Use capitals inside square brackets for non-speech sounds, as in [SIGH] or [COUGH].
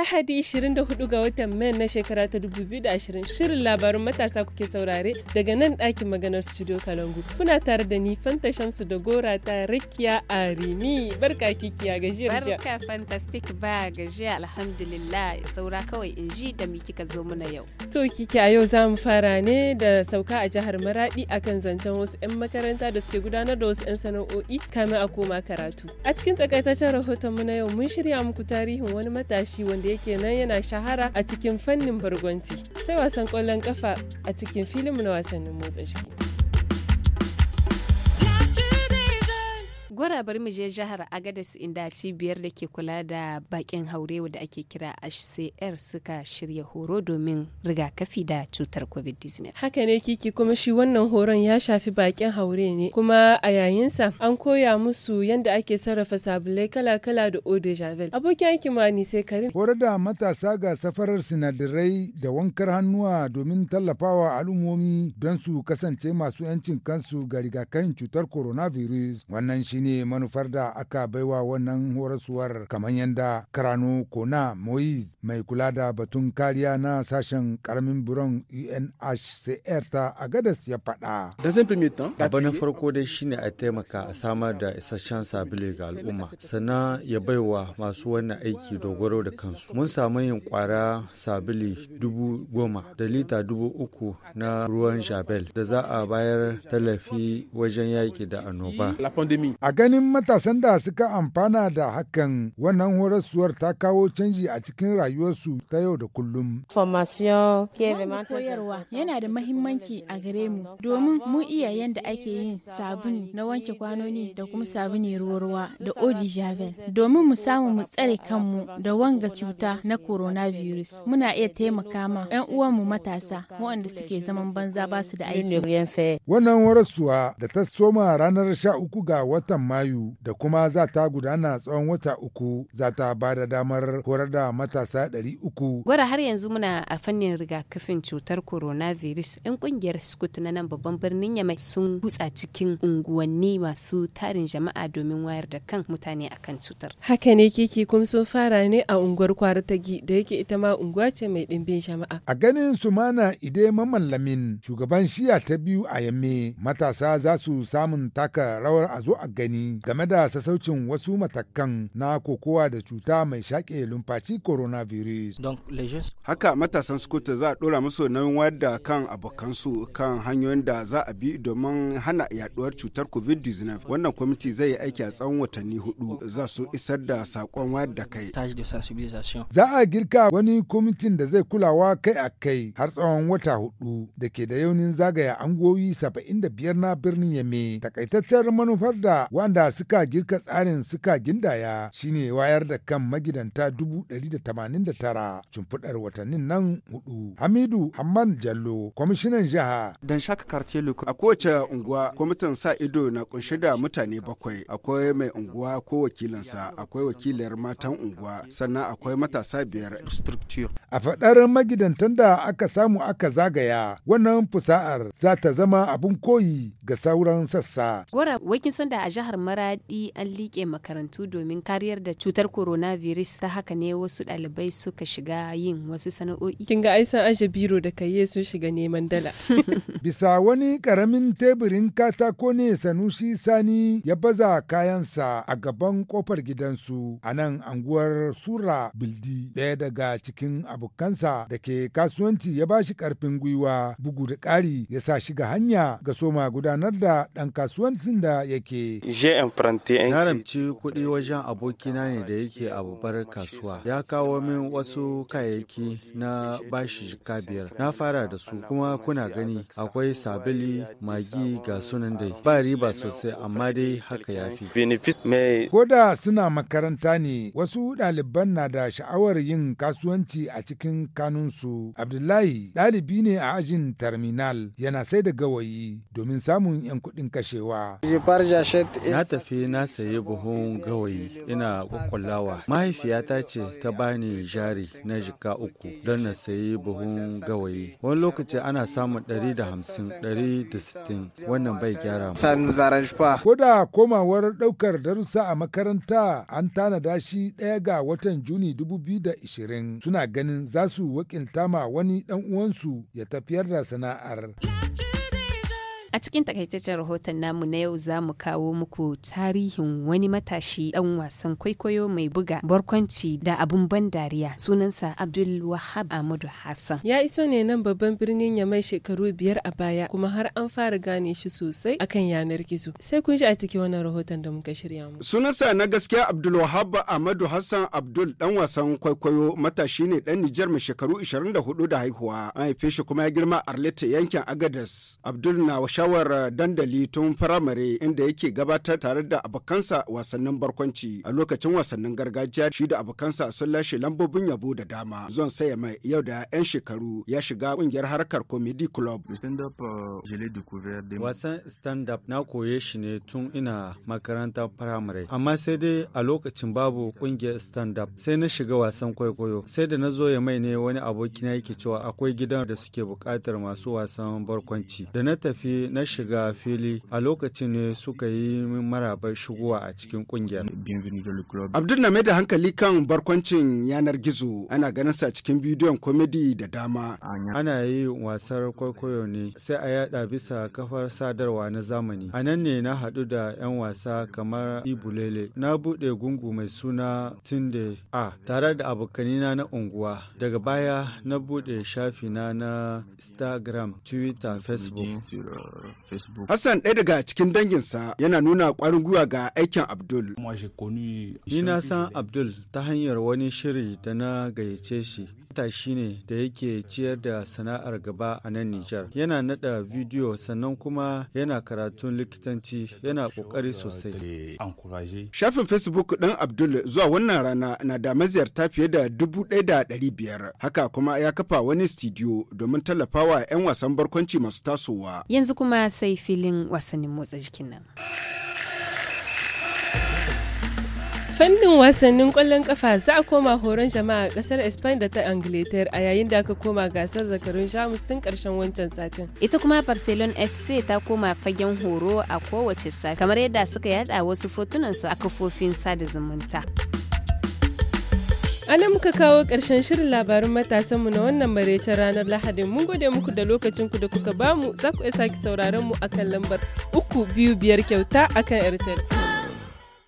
Lahadi 24 ga watan Mai na shekara ta 2020 shirin labarin matasa kuke saurare daga nan ɗakin maganar Studio Kalangu. Kuna tare da ni Fanta Shamsu da Gora ta Rikiya Arimi. Barka kikiya gajiyar jiya. Barka fantastic ba gajiya alhamdulillah saura kawai in ji da mi ka zo mana yau. To kiki a yau za mu fara ne da sauka a jihar Maradi akan zancen wasu 'yan makaranta da suke gudanar da wasu 'yan sana'o'i kamin a koma karatu. A cikin takaitaccen rahoton mu na yau mun shirya muku tarihin wani matashi wanda yake kenan yana shahara a cikin fannin bargwanti sai wasan kwallon kafa a cikin filin na wasannin motsa jiki. Gora bari mu je jihar agadas inda cibiyar da ke kula da bakin haure da ake kira HCR suka shirya horo domin rigakafi da cutar COVID-19. Haka ne kiki kuma shi wannan horon ya shafi bakin haure ne kuma a yayinsa an koya musu yadda ake sarrafa sabulai kala-kala da eau de javel. Abokin aiki ma ni sai Karim. Horar da matasa ga safarar sinadarai da wankar hannuwa domin tallafawa al'ummomi don su kasance masu 'yancin kansu ga rigakafin cutar coronavirus. Wannan shine ne manufar da aka baiwa wannan horasuwar kamar yadda karano kona moiz mai kula da batun kariya na sashen karamin buron unhcr ta agadas ya faɗa. abu na farko dai shine a taimaka a samar da isasshen sabili ga al'umma sannan ya baiwa masu wannan aiki dogaro da kansu mun samu yin kwara sabili dubu goma da lita dubu uku na ruwan jabel da za a bayar tallafi wajen yaki da annoba. ganin matasan da suka amfana da hakan wannan horaswar ta kawo canji a cikin rayuwarsu ta yau da kullum. koyarwa yana da mahimmanci a gare mu domin mu iya yadda ake yin sabuni na wanke kwanoni da kuma sabuni ruwa da odi javel domin mu samu mu tsare kanmu da wanga cuta na coronavirus muna iya taimaka ma 'yan uwanmu matasa waɗanda suke zaman banza ba su da aiki. Wannan horaswa da ta soma ranar sha uku ga watan watan Mayu da kuma za ta gudana tsawon wata uku za ta ba da damar horar da matasa ɗari uku. Gwara har yanzu muna a fannin rigakafin cutar coronavirus 'yan kungiyar scott na nan babban birnin Yamai sun hutsa cikin unguwanni masu tarin jama'a domin wayar da kan mutane akan cutar. Haka ne kiki kuma sun fara ne a unguwar kwara da yake ita ma unguwa ce mai ɗimbin jama'a. A ganin Sumana Ide Mamallamin shugaban shiya ta biyu a Yamme matasa za su samun taka rawar a zo a gani gani game da sassaucin wasu matakan na kokowa da cuta mai shaƙe lumfaci coronavirus. Haka matasan skuta za a ɗora musu nauyin wayar da kan abokansu kan hanyoyin da za a bi domin hana yaɗuwar cutar covid-19. Wannan kwamiti zai yi aiki a tsawon watanni hudu za su isar da saƙon wayar da kai. Za a girka wani kwamitin da zai kulawa kai a kai har tsawon wata hudu da ke da yaunin zagaya angoyi biyar na birnin Yame. Takaitaccen manufar da wanda suka girka tsarin suka gindaya shine wayar da kan magidanta 189 cumfudar watannin nan hudu. Hamidu Hamman Jallo, kwamishinan jiha. Dan shaka karce A kowace unguwa kwamitin sa ido na kunshi da mutane bakwai. Akwai mai unguwa ko wakilinsa, akwai wakilar matan unguwa, sannan akwai matasa biyar. A faɗar magidantan da aka samu aka zagaya wannan fusa'ar za ta zama abin koyi ga sauran sassa. Gora wakin sanda a jihar Maradi an liƙe makarantu domin kariyar da cutar coronavirus ta haka ne wasu ɗalibai suka shiga yin wasu sana'o'i. Kin ga aisan aje biro da kaye sun shiga neman dala. [LAUGHS] Bisa wani ƙaramin teburin katako ne Sanusi Sani ya baza kayansa a gaban kofar gidansu a nan anguwar Sura Bildi ɗaya daga cikin abu abokansa da ke kasuwanci ya ba shi karfin gwiwa bugu da ƙari ya sa shiga hanya ga soma gudanar da ɗan kasuwancin da yake. Naramci kuɗi wajen abokina ne da yake a babbar kasuwa. Ya kawo min wasu kayayyaki na bashi jika biyar. Na fara da su kuma kuna gani akwai sabili magi ga sunan dai. Ba riba sosai amma dai haka ya fi. Koda suna makaranta ne wasu ɗaliban na da sha'awar yin kasuwanci a cikin kanunsu. Abdullahi ɗalibi ne a ajin terminal yana sai da gawayi domin samun 'yan kuɗin kashewa. Na tafi na sayi buhun gawayi ina kwakwalawa. Mahaifiyata ce ta bani jari na jika uku don na sayi buhun gawayi. Wani lokaci ana samun ɗari da hamsin, ɗari da sittin wannan bai gyara Ko da komawar ɗaukar darussa a makaranta an tanada shi ɗaya ga watan Juni 2020 suna ganin za su wakilta ma wani ɗan uwansu ya tafiyar da sana'ar. A cikin takaitaccen rahoton namu na yau za mu kawo muku tarihin wani matashi ɗan wasan kwaikwayo mai buga barkwanci da abun ban dariya sunansa Abdul Wahab Ahmadu Hassan. Ya iso ne nan babban birnin ya mai shekaru biyar a baya kuma har an fara gane shi sosai akan yanar gizo. Sai kun shi a cikin wannan rahoton da muka shirya mu. Sunansa na gaskiya Abdul Wahab Ahmadu Hassan Abdul ɗan wasan kwaikwayo matashi ne ɗan Nijar mai shekaru 24 da haihuwa. An haife shi kuma ya girma a Arleta yankin Agadas. Abdul na washe shawar eh, dandali tun firamare inda yake gabatar tare da abokansa wasannin barkwanci a lokacin wasannin gargajiya shi da abokansa sun lashe lambobin yabo da dama zon saya mai yau da 'yan shekaru ya shiga kungiyar harkar comedy club euh, wasan stand up na koye shi ne tun ina makarantar firamare amma sai dai a lokacin babu kungiyar stand up sai na shiga wasan kwaikwayo sai da na zo ya mai ne wani abokina yake cewa akwai gidan da suke bukatar masu wasan barkwanci da na tafi na shiga fili a lokacin ne suka yi marabar shigowa a cikin kungiyar. Abdul na da hankali kan barkwancin yanar gizo ana ganin sa cikin bidiyon komedi da dama. Ana yi wasar kwaikwayo ne sai a yada bisa kafar sadarwa na zamani. A nan ne na haɗu da 'yan wasa kamar Ibulele. Na buɗe gungu mai suna Tunde A tare da abokanina na unguwa. Daga baya na buɗe shafina na Instagram, Twitter, Facebook. Facebook. Hassan ɗaya daga cikin danginsa yana nuna ƙwarin gwiwa ga aikin Abdul. Ni na san Abdul ta hanyar wani shiri da na gayyace shi. Matashi ne da yake ciyar da sana'ar gaba a nan Nijar. Yana nada bidiyo sannan kuma yana karatun likitanci yana ƙoƙari sosai. Shafin Facebook ɗin Abdul zuwa wannan rana na da maziyarta fiye da dubu ɗaya da ɗari biyar. Haka kuma ya kafa wani studio domin tallafawa 'yan wasan barkwanci masu tasowa. Yanzu kuma kuma sai filin wasannin motsa jikin nan. fannin wasannin kwallon kafa za a koma horon jama'a kasar spain da ta angleter a yayin da aka koma gasar zakarun jamus tun karshen wancan satin ita kuma barcelona fc ta koma fagen horo a kowace safi kamar yadda suka yada wasu fotunansu a kafofin sada zumunta. ana muka kawo ƙarshen shirin labarin matasanmu na wannan maraicin ranar lahadi mun gode muku da lokacinku da kuka bamu za ku iya sake sauraron mu akan lambar uku biyu biyar kyauta akan airtel